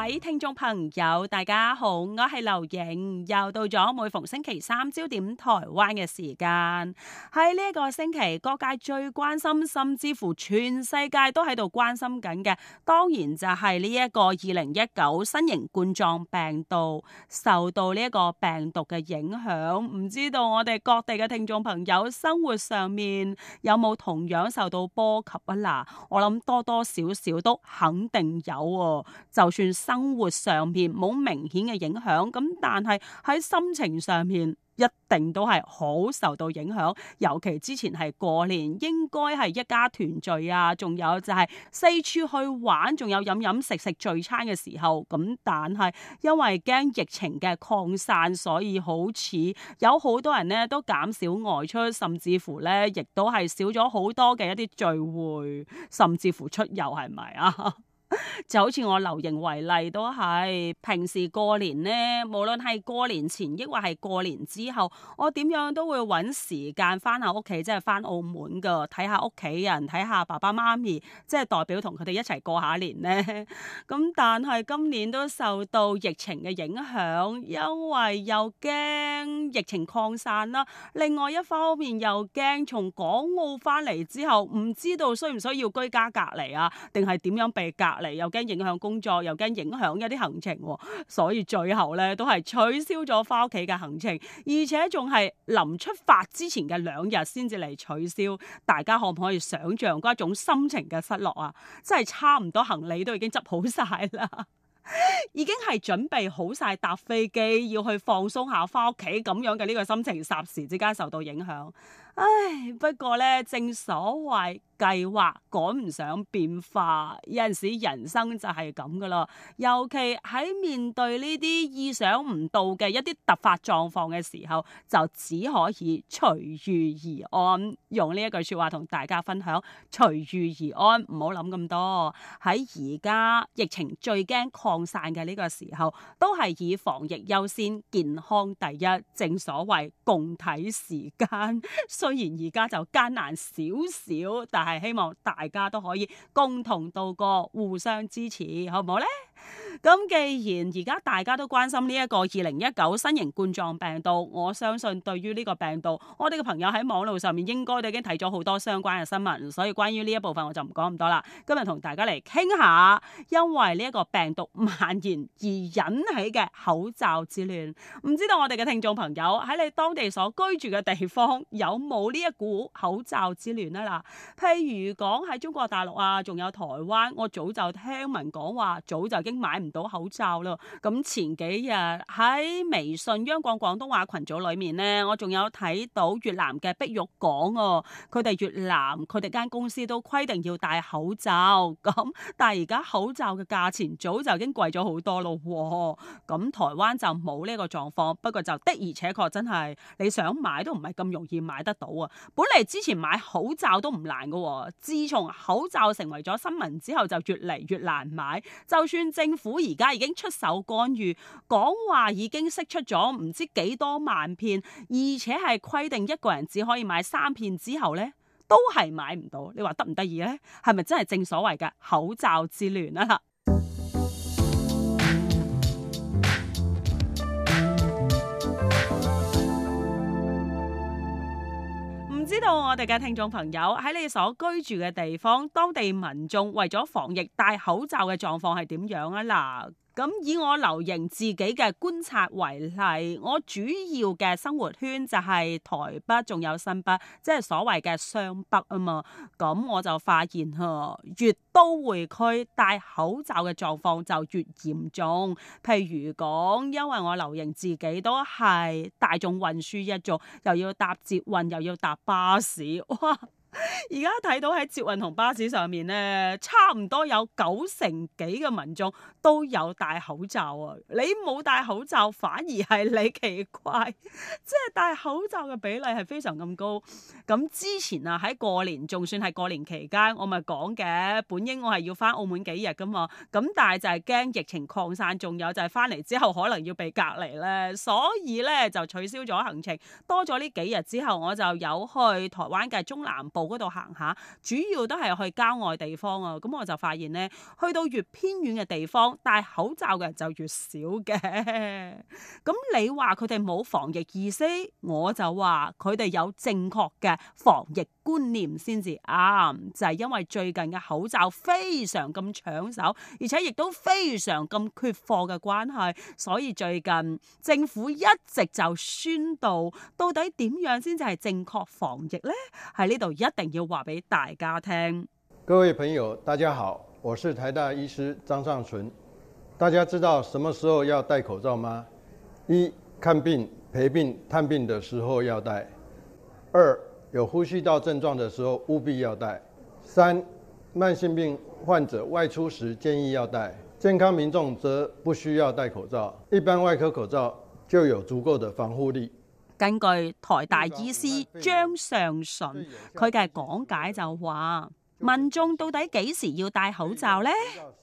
各位聽眾朋友，大家好，我係劉影，又到咗每逢星期三焦點台灣嘅時間。喺呢一個星期，各界最關心，甚至乎全世界都喺度關心緊嘅，當然就係呢一個二零一九新型冠狀病毒，受到呢一個病毒嘅影響。唔知道我哋各地嘅聽眾朋友生活上面有冇同樣受到波及啊？嗱，我諗多多少少都肯定有啊，就算。生活上面冇明顯嘅影響，咁但係喺心情上面一定都係好受到影響。尤其之前係過年，應該係一家團聚啊，仲有就係四處去玩，仲有飲飲食食聚餐嘅時候。咁但係因為驚疫情嘅擴散，所以好似有好多人呢都減少外出，甚至乎呢亦都係少咗好多嘅一啲聚會，甚至乎出遊。係咪啊？ 就好似我留形為例都係，平時過年呢。無論係過年前抑或係過年之後，我點樣都會揾時間翻下屋企，即係翻澳門噶，睇下屋企人，睇下爸爸媽咪，即係代表同佢哋一齊過下年呢。咁 但係今年都受到疫情嘅影響，因為又驚疫情擴散啦，另外一方面又驚從港澳翻嚟之後唔知道需唔需要居家隔離啊，定係點樣被隔？嚟又驚影響工作，又驚影響一啲行程，所以最後咧都係取消咗翻屋企嘅行程，而且仲係臨出發之前嘅兩日先至嚟取消。大家可唔可以想象嗰一種心情嘅失落啊？真係差唔多行李都已經執好晒啦， 已經係準備好晒搭飛機要去放鬆下翻屋企咁樣嘅呢個心情，霎時之間受到影響。唉，不過咧，正所謂計劃趕唔上變化，有陣時人生就係咁㗎喇。尤其喺面對呢啲意想唔到嘅一啲突發狀況嘅時候，就只可以隨遇而安。用呢一句説話同大家分享：隨遇而安，唔好諗咁多。喺而家疫情最驚擴散嘅呢個時候，都係以防疫優先，健康第一。正所謂共體時艱。雖然而家就艱難少少，但係希望大家都可以共同度過，互相支持，好唔好呢？咁既然而家大家都關心呢一個二零一九新型冠狀病毒，我相信對於呢個病毒，我哋嘅朋友喺網絡上面應該都已經睇咗好多相關嘅新聞，所以關於呢一部分我就唔講咁多啦。今日同大家嚟傾下，因為呢一個病毒蔓延而引起嘅口罩之亂，唔知道我哋嘅聽眾朋友喺你當地所居住嘅地方有冇呢一股口罩之亂呢？啦，譬如講喺中國大陸啊，仲有台灣，我早就聽聞講話早就已經買唔。到口罩咯，咁前幾日喺微信央廣廣東話群組裏面咧，我仲有睇到越南嘅碧玉講，佢哋越南佢哋間公司都規定要戴口罩，咁但係而家口罩嘅價錢早就已經貴咗好多咯，咁台灣就冇呢個狀況，不過就的而且確真係你想買都唔係咁容易買得到啊！本嚟之前買口罩都唔難噶，自從口罩成為咗新聞之後，就越嚟越難買，就算政府。而家已經出手干預，講話已經釋出咗唔知幾多萬片，而且係規定一個人只可以買三片之後呢，都係買唔到。你話得唔得意呢？係咪真係正所謂嘅口罩之亂啊？知道我哋嘅聽眾朋友喺你所居住嘅地方，當地民眾為咗防疫戴口罩嘅狀況係點樣啊？嗱。咁以我留形自己嘅觀察為例，我主要嘅生活圈就係台北，仲有新北，即係所謂嘅雙北啊嘛。咁我就發現嚇，越都會區戴口罩嘅狀況就越嚴重。譬如講，因為我留形自己都係大眾運輸一族，又要搭捷運，又要搭巴士，哇！而家睇到喺捷運同巴士上面咧，差唔多有九成幾嘅民眾都有戴口罩啊！你冇戴口罩反而係你奇怪，即 係戴口罩嘅比例係非常咁高。咁之前啊喺過年仲算係過年期間，我咪講嘅，本應我係要翻澳門幾日噶嘛，咁但係就係驚疫情擴散，仲有就係翻嚟之後可能要被隔離咧，所以咧就取消咗行程。多咗呢幾日之後，我就有去台灣嘅中南度行下，主要都係去郊外地方啊。咁我就發現咧，去到越偏遠嘅地方，戴口罩嘅人就越少嘅。咁 你話佢哋冇防疫意識，我就話佢哋有正確嘅防疫。觀念先至啱，就係因為最近嘅口罩非常咁搶手，而且亦都非常咁缺貨嘅關係，所以最近政府一直就宣導，到底點樣先至係正確防疫呢？喺呢度一定要話俾大家聽。各位朋友，大家好，我是台大醫師張尚純。大家知道什麼時候要戴口罩嗎？一、看病、陪病、探病的時候要戴。二有呼吸道症狀的時候，務必要戴。三，慢性病患者外出時建議要戴。健康民眾則不需要戴口罩，一般外科口罩就有足夠的防護力。根據台大醫師張上淳，佢嘅講解就話。民眾到底幾時要戴口罩呢？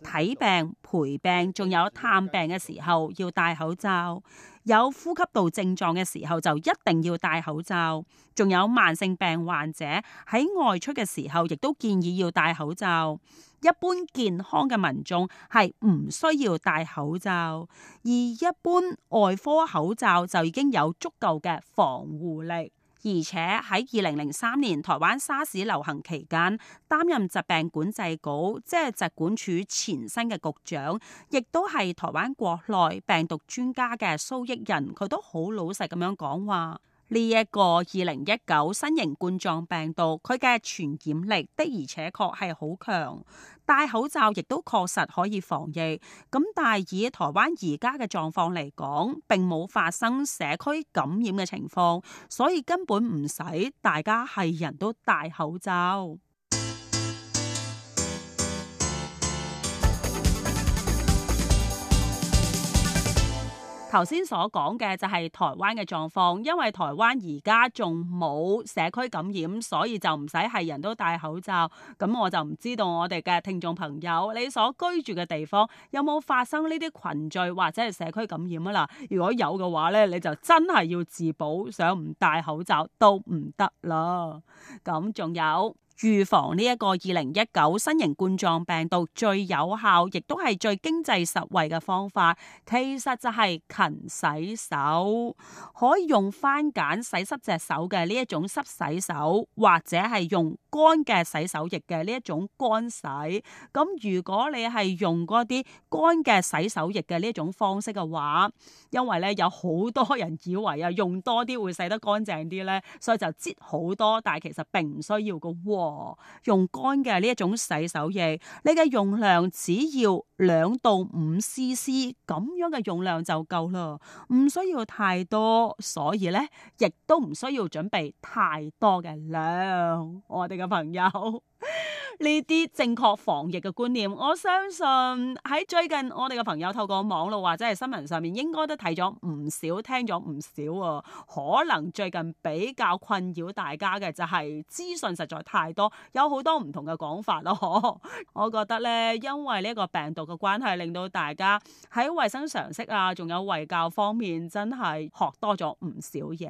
睇病、陪病、仲有探病嘅時候要戴口罩。有呼吸道症狀嘅時候就一定要戴口罩。仲有慢性病患者喺外出嘅時候，亦都建議要戴口罩。一般健康嘅民眾係唔需要戴口罩，而一般外科口罩就已經有足夠嘅防護力。而且喺二零零三年台灣沙士流行期間，擔任疾病管制局即係疾管處前身嘅局長，亦都係台灣國內病毒專家嘅蘇益仁，佢都好老實咁樣講話。呢一個二零一九新型冠狀病毒，佢嘅傳染力的而且確係好強，戴口罩亦都確實可以防疫。咁但係以台灣而家嘅狀況嚟講，並冇發生社區感染嘅情況，所以根本唔使大家係人都戴口罩。頭先所講嘅就係台灣嘅狀況，因為台灣而家仲冇社區感染，所以就唔使係人都戴口罩。咁我就唔知道我哋嘅聽眾朋友，你所居住嘅地方有冇發生呢啲群聚或者係社區感染啊？嗱，如果有嘅話呢，你就真係要自保，想唔戴口罩都唔得啦。咁仲有。預防呢一個二零一九新型冠狀病毒最有效，亦都係最經濟實惠嘅方法，其實就係勤洗手，可以用番梘洗濕隻手嘅呢一種濕洗手，或者係用乾嘅洗手液嘅呢一種乾洗。咁如果你係用啲乾嘅洗手液嘅呢一種方式嘅話，因為咧有好多人以為啊用多啲會洗得乾淨啲咧，所以就擠好多，但係其實並唔需要個鍋。哦，用乾嘅呢一種洗手液，你嘅用量只要兩到五 cc 咁樣嘅用量就夠啦，唔需要太多，所以呢亦都唔需要準備太多嘅量。我哋嘅朋友。呢啲正確防疫嘅觀念，我相信喺最近我哋嘅朋友透過網絡或者係新聞上面，應該都睇咗唔少，聽咗唔少啊。可能最近比較困擾大家嘅就係資訊實在太多，有好多唔同嘅講法咯。 我覺得呢，因為呢個病毒嘅關係，令到大家喺衛生常識啊，仲有衛教方面，真係學多咗唔少嘢。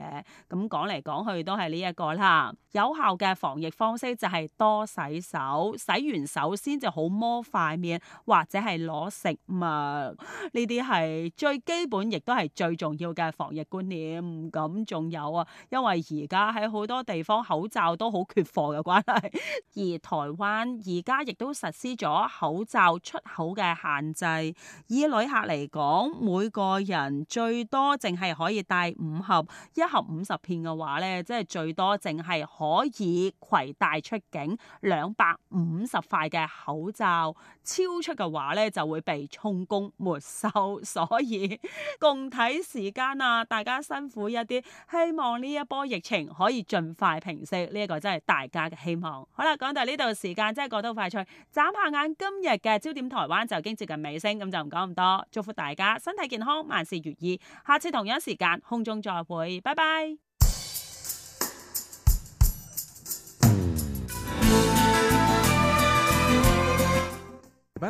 咁講嚟講去都係呢一個啦。有效嘅防疫方式就係多晒。洗手，洗完手先至好摸塊面，或者係攞食物，呢啲係最基本，亦都係最重要嘅防疫觀念。咁仲有啊，因為而家喺好多地方口罩都好缺貨嘅關係，而台灣而家亦都實施咗口罩出口嘅限制。以旅客嚟講，每個人最多淨係可以帶五盒，一盒五十片嘅話呢，即係最多淨係可以攜帶出境兩百五十塊嘅口罩，超出嘅話咧就會被充公沒收，所以共體時間啊，大家辛苦一啲，希望呢一波疫情可以盡快平息，呢、這、一個真係大家嘅希望。好啦，講到呢度時間真係過得好快脆。眨下眼今日嘅焦點台灣就已經接近尾聲，咁就唔講咁多，祝福大家身體健康，萬事如意。下次同樣時間空中再會，拜拜。